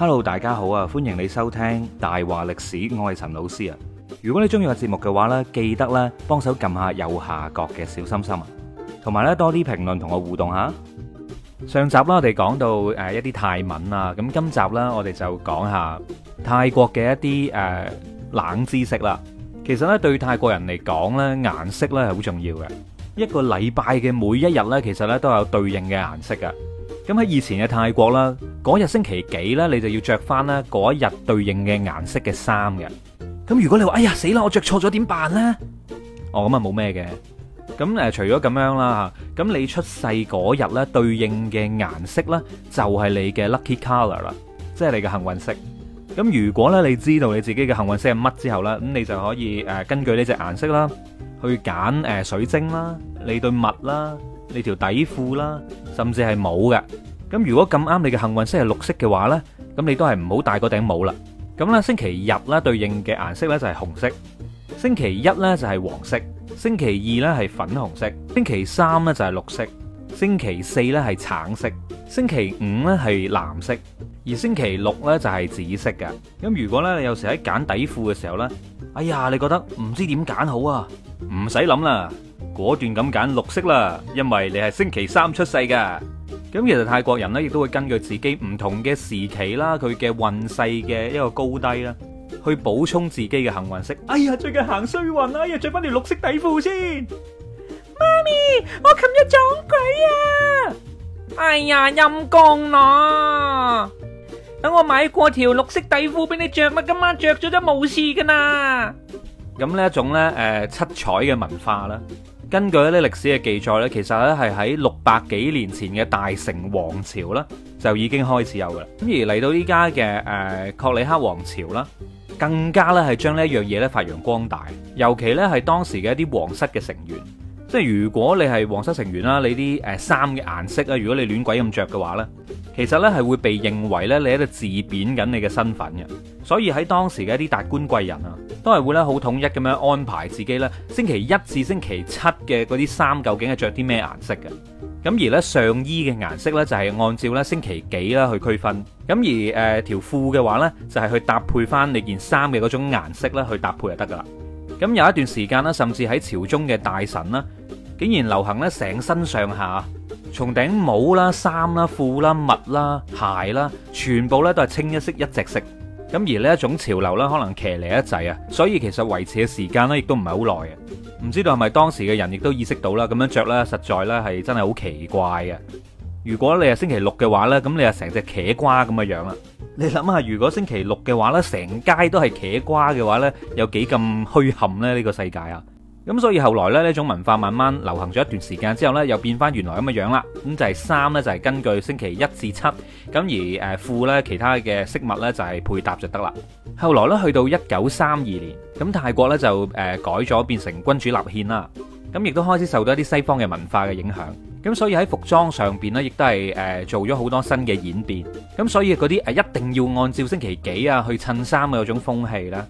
Hello，大家好啊！歡迎你收聽大話歷史，我係陳老師啊！如果你中意我節目嘅話呢，記得咧幫手撳下右下角嘅小心心啊，同埋呢多啲評論同我互動下。上集啦，我哋講到誒一啲泰文啊，咁今集啦，我哋就講下泰國嘅一啲誒、呃、冷知識啦。其實呢，對泰國人嚟講呢，顏色呢係好重要嘅。一個禮拜嘅每一日呢，其實呢都有對應嘅顏色噶。咁喺以前嘅泰國啦，嗰日星期幾咧，你就要著翻咧嗰一日對應嘅顏色嘅衫嘅。咁如果你話：哎呀死啦，我著錯咗點辦咧？哦，咁啊冇咩嘅。咁誒，除咗咁樣啦，咁你出世嗰日咧對應嘅顏色咧，就係你嘅 lucky color 啦，即係你嘅幸運色。咁如果咧你知道你自己嘅幸運色係乜之後咧，咁你就可以誒根據呢隻顏色啦，去揀誒水晶啦、你對襪啦、你條底褲啦。甚至係冇嘅。咁如果咁啱你嘅幸運色係綠色嘅話呢，咁你都係唔好戴嗰頂帽啦。咁呢，星期日呢對應嘅顏色呢就係紅色，星期一呢就係黃色，星期二呢係粉紅色，星期三呢就係綠色，星期四呢係橙色，星期五呢係藍色，而星期六呢就係紫色嘅。咁如果呢你有時喺揀底褲嘅時候呢，哎呀，你覺得唔知點揀好啊？唔使諗啦。果斷咁揀綠色啦，因為你係星期三出世噶。咁其實泰國人咧，亦都會根據自己唔同嘅時期啦，佢嘅運勢嘅一個高低啦，去補充自己嘅幸運色。哎呀，最近行衰運啦，要着翻條綠色底褲先。媽咪，我琴日撞鬼啊！哎呀，陰公咯。等我買過條綠色底褲俾你着，咪今晚着咗都冇事噶啦。咁呢一種咧，誒七彩嘅文化啦。根據一啲歷史嘅記載呢，其實咧係喺六百幾年前嘅大成王朝呢，就已經開始有噶啦。咁而嚟到依家嘅誒確里克王朝啦，更加呢係將呢一樣嘢呢，發揚光大。尤其呢係當時嘅一啲皇室嘅成員，即係如果你係皇室成員啦，你啲誒衫嘅顏色啊，如果你亂鬼咁着嘅話呢，其實呢係會被認為呢，你喺度自貶緊你嘅身份嘅。所以喺當時嘅一啲達官貴人啊。都係會咧好統一咁樣安排自己咧，星期一至星期七嘅嗰啲衫究竟係着啲咩顏色嘅？咁而呢上衣嘅顏色呢，就係按照咧星期幾啦去區分。咁而誒條、呃、褲嘅話呢，就係去搭配返你件衫嘅嗰種顏色啦去搭配就得噶啦。咁有一段時間咧，甚至喺朝中嘅大臣啦，竟然流行咧成身上下，從頂帽啦、衫啦、褲啦、襪啦、鞋啦，全部咧都係清一色一隻色。咁而呢一種潮流咧，可能騎嚟一制啊，所以其實維持嘅時間咧，亦都唔係好耐嘅。唔知道係咪當時嘅人亦都意識到啦，咁樣着呢，實在咧係真係好奇怪嘅。如果你係星期六嘅話呢，咁你係成隻茄瓜咁嘅樣啦。你諗下，如果星期六嘅話,話呢，成街都係茄瓜嘅話呢，有幾咁虛冚呢？呢個世界啊！咁所以後來咧，呢種文化慢慢流行咗一段時間之後呢，又變返原來咁嘅樣啦。咁就係衫呢，就係、是、根據星期一至七咁，而誒褲呢，其他嘅飾物呢，就係、是、配搭就得啦。後來呢，去到一九三二年，咁泰國呢，就誒、呃、改咗變成君主立憲啦。咁亦都開始受到一啲西方嘅文化嘅影響。咁所以喺服裝上邊呢，亦都係誒、呃、做咗好多新嘅演變。咁所以嗰啲誒一定要按照星期幾啊去襯衫嘅嗰種風氣咧，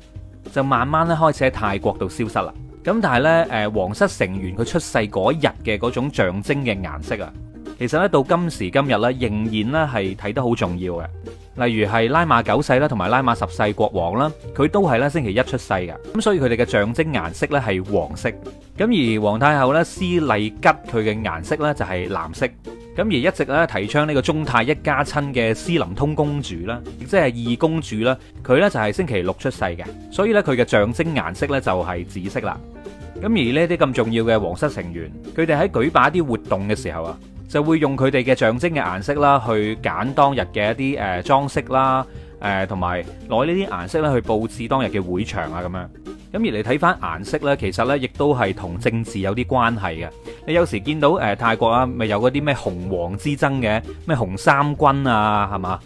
就慢慢咧開始喺泰國度消失啦。咁但係咧，誒皇室成員佢出世嗰日嘅嗰種象徵嘅顏色啊，其實咧到今時今日咧仍然咧係睇得好重要嘅。例如係拉馬九世啦，同埋拉馬十世國王啦，佢都係咧星期一出世嘅，咁所以佢哋嘅象徵顏色咧係黃色。咁而皇太后咧斯麗吉佢嘅顏色咧就係藍色。咁而一直咧提倡呢個中泰一家親嘅斯林通公主啦，亦即係二公主啦，佢咧就係星期六出世嘅，所以咧佢嘅象徵顏色咧就係紫色啦。咁而呢啲咁重要嘅皇室成員，佢哋喺舉辦一啲活動嘅時候啊，就會用佢哋嘅象徵嘅顏色啦，去揀當日嘅一啲誒、呃、裝飾啦，誒同埋攞呢啲顏色咧去佈置當日嘅會場啊咁樣。咁而你睇翻顏色呢，其實呢亦都係同政治有啲關係嘅。你有時見到誒、呃、泰國啊，咪有嗰啲咩紅黃之爭嘅，咩紅衫軍啊，係嘛，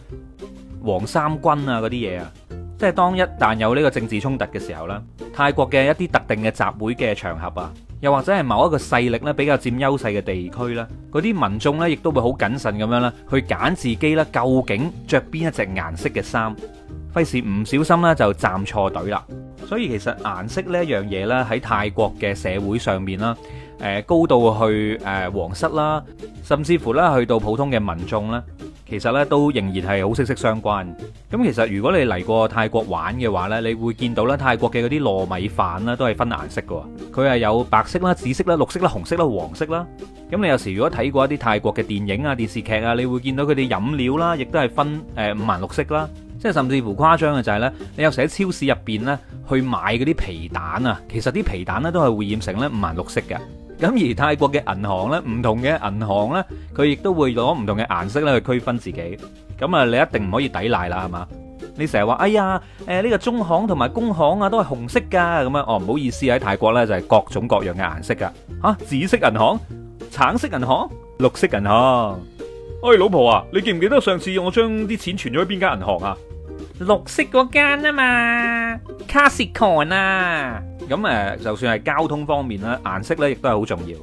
黃衫軍啊嗰啲嘢啊，即係當一旦有呢個政治衝突嘅時候呢。泰國嘅一啲特定嘅集會嘅場合啊，又或者係某一個勢力咧比較佔優勢嘅地區啦，嗰啲民眾咧亦都會好謹慎咁樣咧，去揀自己咧究竟着邊一隻顏色嘅衫，費事唔小心咧就站錯隊啦。所以其實顏色呢一樣嘢咧喺泰國嘅社會上面啦，誒、呃、高到去誒、呃、皇室啦，甚至乎咧去到普通嘅民眾咧。其實咧都仍然係好息息相關。咁其實如果你嚟過泰國玩嘅話呢，你會見到咧泰國嘅嗰啲糯米飯啦，都係分顏色嘅。佢係有白色啦、紫色啦、綠色啦、紅色啦、黃色啦。咁你有時如果睇過一啲泰國嘅電影啊、電視劇啊，你會見到佢哋飲料啦，亦都係分誒五顏六色啦。即係甚至乎誇張嘅就係呢，你有時喺超市入邊呢去買嗰啲皮蛋啊，其實啲皮蛋呢都係會染成咧五顏六色嘅。咁而泰國嘅銀行咧，唔同嘅銀行咧，佢亦都會攞唔同嘅顏色咧去區分自己。咁啊，你一定唔可以抵賴啦，係嘛？你成日話哎呀，誒、呃、呢、呢個中行同埋工行啊都係紅色噶咁樣。哦，唔好意思，喺泰國呢就係各種各樣嘅顏色噶。吓、啊，紫色銀行、橙色銀行、綠色銀行。哎，老婆啊，你記唔記得上次我將啲錢存咗喺邊間銀行啊？綠色嗰間啊嘛，Kasikorn 啊，咁誒，就算係交通方面啦，顏色咧亦都係好重要。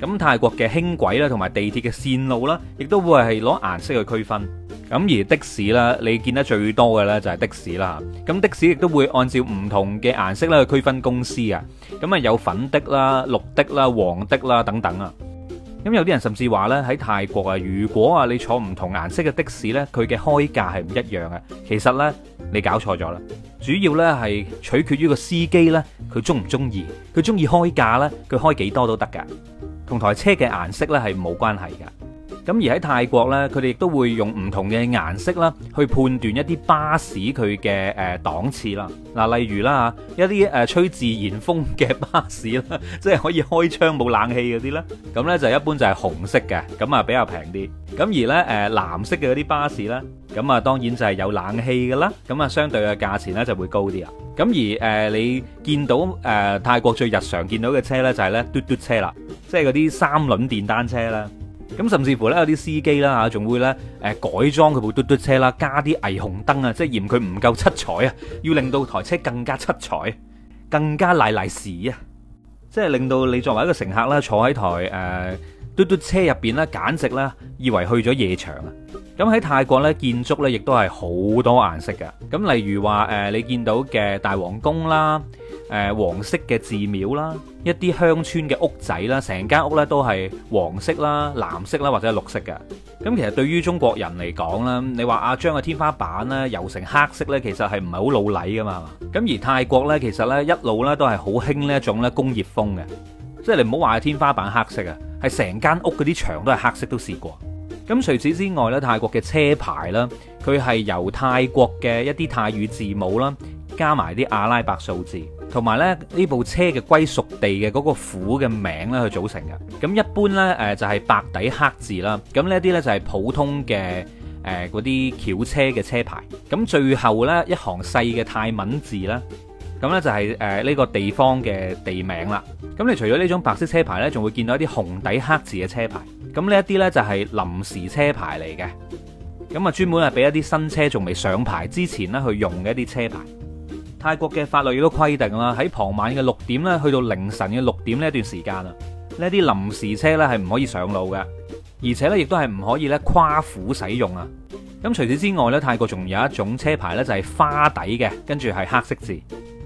咁泰國嘅輕軌啦，同埋地鐵嘅線路啦，亦都會係攞顏色去區分。咁而的士啦，你見得最多嘅咧就係的士啦。咁的士亦都會按照唔同嘅顏色咧去區分公司啊。咁啊，有粉的啦、綠的啦、黃的啦等等啊。咁有啲人甚至話咧喺泰國啊，如果啊你坐唔同顏色嘅的，的士咧，佢嘅開價係唔一樣嘅。其實咧你搞錯咗啦，主要咧係取決於個司機咧，佢鍾唔鍾意，佢鍾意開價咧，佢開幾多都得㗎，同台車嘅顏色咧係冇關係㗎。咁而喺泰國呢，佢哋亦都會用唔同嘅顏色啦，去判斷一啲巴士佢嘅誒檔次啦。嗱，例如啦，一啲誒吹自然風嘅巴士啦，即係可以開窗冇冷氣嗰啲啦，咁呢就一般就係紅色嘅，咁啊比較平啲。咁而呢誒藍色嘅嗰啲巴士呢，咁啊當然就係有冷氣嘅啦，咁啊相對嘅價錢呢就會高啲啊。咁而誒你見到誒泰國最日常見到嘅車呢，就係呢嘟嘟車啦，即係嗰啲三輪電單車啦。咁甚至乎咧，有啲司機啦嚇，仲會咧誒改裝佢部嘟嘟車啦，加啲霓虹燈啊，即係嫌佢唔夠七彩啊，要令到台車更加七彩，更加瀨瀨屎啊，即係令到你作為一個乘客啦，坐喺台誒嘟嘟車入邊啦，簡直啦以為去咗夜場啊。咁喺泰國咧，建築咧亦都係好多顏色噶。咁例如話誒，你見到嘅大皇宮啦。誒黃色嘅寺廟啦，一啲鄉村嘅屋仔啦，成間屋呢都係黃色啦、藍色啦或者綠色嘅。咁其實對於中國人嚟講啦，你話阿張嘅天花板咧油成黑色呢，其實係唔係好老禮噶嘛？咁而泰國呢，其實呢一路呢都係好興呢一種咧工業風嘅，即係你唔好話天花板黑色啊，係成間屋嗰啲牆都係黑色，都試過。咁除此之外呢，泰國嘅車牌啦，佢係由泰國嘅一啲泰語字母啦，加埋啲阿拉伯數字。同埋咧，呢部車嘅歸屬地嘅嗰個府嘅名咧，去組成嘅。咁一般咧，誒就係白底黑字啦。咁呢一啲咧就係普通嘅誒嗰啲轎車嘅車牌。咁最後咧一行細嘅泰文字啦。咁咧就係誒呢個地方嘅地名啦。咁你除咗呢種白色車牌咧，仲會見到一啲紅底黑字嘅車牌。咁呢一啲咧就係臨時車牌嚟嘅。咁啊，專門係俾一啲新車仲未上牌之前咧去用嘅一啲車牌。泰國嘅法律亦都規定啦，喺傍晚嘅六點咧，去到凌晨嘅六點呢段時間啊，呢啲臨時車呢係唔可以上路嘅，而且呢亦都係唔可以咧跨府使用啊。咁除此之外呢，泰國仲有一種車牌呢，就係花底嘅，跟住係黑色字。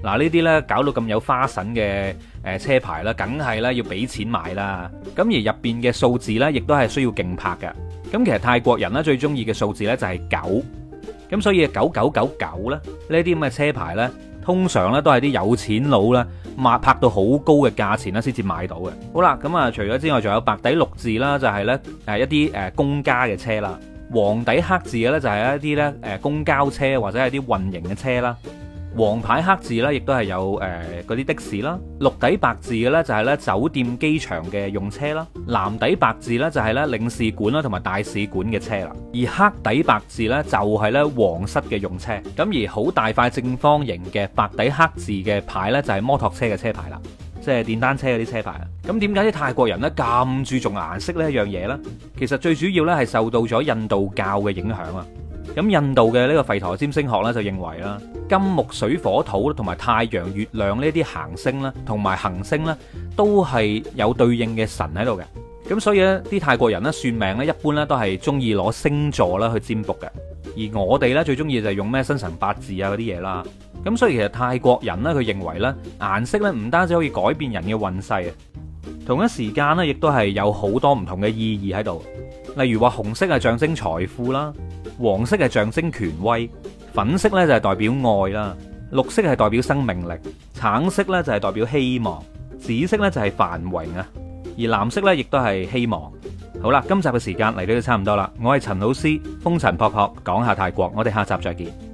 嗱呢啲呢搞到咁有花臣嘅誒車牌啦，梗係咧要俾錢買啦。咁而入邊嘅數字呢，亦都係需要競拍嘅。咁其實泰國人呢最中意嘅數字呢，就係九，咁所以九九九九咧呢啲咁嘅車牌呢。通常咧都係啲有錢佬咧，抹拍到好高嘅價錢咧，先至買到嘅。好啦，咁、嗯、啊，除咗之外，仲有白底綠字啦，就係咧誒一啲誒公家嘅車啦，黃底黑字嘅咧就係一啲咧誒公交車或者係啲運營嘅車啦。黃牌黑字咧，亦都係有誒嗰啲的士啦；綠底白字嘅咧，就係咧酒店、機場嘅用車啦；藍底白字咧，就係咧領事館啦同埋大使館嘅車啦；而黑底白字咧，就係咧皇室嘅用車。咁而好大塊正方形嘅白底黑字嘅牌咧，就係摩托車嘅車牌啦，即係電單車嗰啲車牌。咁點解啲泰國人咧咁注重顏色呢一樣嘢呢？其實最主要咧係受到咗印度教嘅影響啊！咁印度嘅呢個吠陀占星學咧就認為啦，金木水火土同埋太陽、月亮呢啲行星啦，同埋行星咧都係有對應嘅神喺度嘅。咁所以咧，啲泰國人咧算命咧一般咧都係中意攞星座啦去占卜嘅。而我哋咧最中意就係用咩生辰八字啊嗰啲嘢啦。咁所以其實泰國人咧佢認為咧，顏色咧唔單止可以改變人嘅運勢，同一時間咧亦都係有好多唔同嘅意義喺度。例如話紅色係象徵財富啦。黃色係象徵權威，粉色咧就係代表愛啦，綠色係代表生命力，橙色咧就係代表希望，紫色咧就係繁榮啊，而藍色咧亦都係希望。好啦，今集嘅時間嚟到都差唔多啦，我係陳老師，風塵僕僕，講下泰國，我哋下集再見。